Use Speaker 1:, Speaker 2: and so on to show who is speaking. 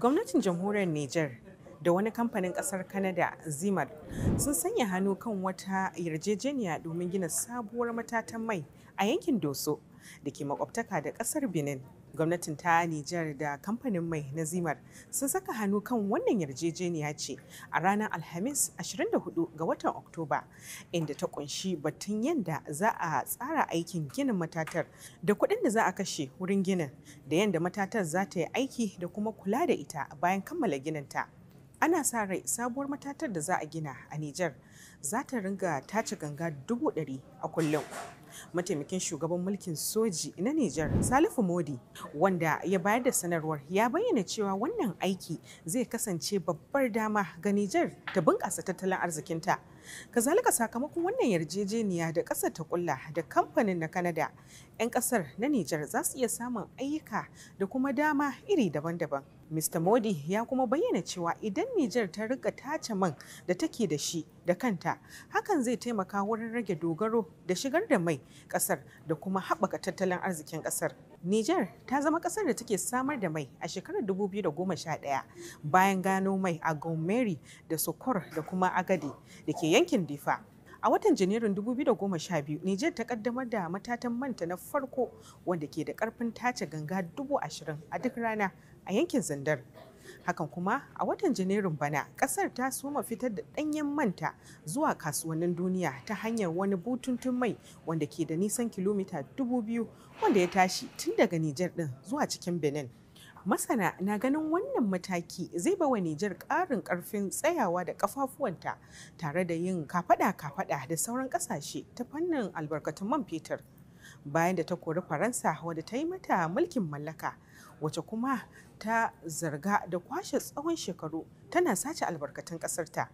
Speaker 1: Gwamnatin jamhuriyar Niger da wani kamfanin kasar Kanada Zimar sun sanya hannu kan wata yarjejeniya domin gina sabuwar matatan mai a yankin Doso da ke makwabtaka da kasar Benin. Gwamnatin ta Nijar da kamfanin mai na Zimar sun saka hannu kan wannan yarjejeniya ce a ranar Alhamis 24 ga watan Oktoba inda ta kunshi batun yadda za a tsara aikin ginin matatar da kuɗin da za a kashe wurin ginin da yadda matatar za ta yi aiki da kuma kula da ita bayan kammala gininta. Ana sa rai sabuwar matatar da za a gina a Nijar za ta ringa tace ganga dubu ɗari a kullum. mataimakin shugaban mulkin soji na Nijar Salifu Modi wanda ya bayar da sanarwar ya bayyana cewa wannan aiki zai kasance babbar dama ga Nijar ta bunƙasa tattalin arzikinta kazalika sakamakon wannan yarjejeniya da ƙasa ta kulla da kamfanin na kanada 'yan ƙasar na nijar za su iya samun ayyuka da kuma dama iri daban-daban mr modi ya kuma bayyana cewa idan nijar ta rika tace man da take da shi da kanta hakan zai taimaka wurin rage dogaro da shigar da mai ƙasar da kuma haɓaka tattalin arzikin ƙasar Nijar ta zama ƙasar da take samar da mai a shekarar 2011 bayan gano mai a Gomeri da Sokor da kuma Agade da ke yankin Difa. A watan Janairun 2012, Nijar ta kaddamar da matatan manta na farko wanda ke da ƙarfin tace ganga 20,000 a duk rana a yankin Zandar. Hakan kuma a watan Janairun bana ƙasar ta soma fitar da ɗanyen manta zuwa kasuwannin duniya ta hanyar wani bututun mai wanda ke da nisan kilomita 2000 wanda ya tashi tun daga Nijar ɗin zuwa cikin Benin. Masana na ganin wannan mataki zai bawa Nijar ƙarin ƙarfin tsayawa da ƙafafuwanta tare da yin kafaɗa-kafaɗa da sauran ƙasashe ta fannin albarkatun man fetur. bayan da ta kori faransa wadda ta yi mata mulkin mallaka wacce kuma ta zarga da kwashe tsawon shekaru tana sace albarkatun ƙasarta.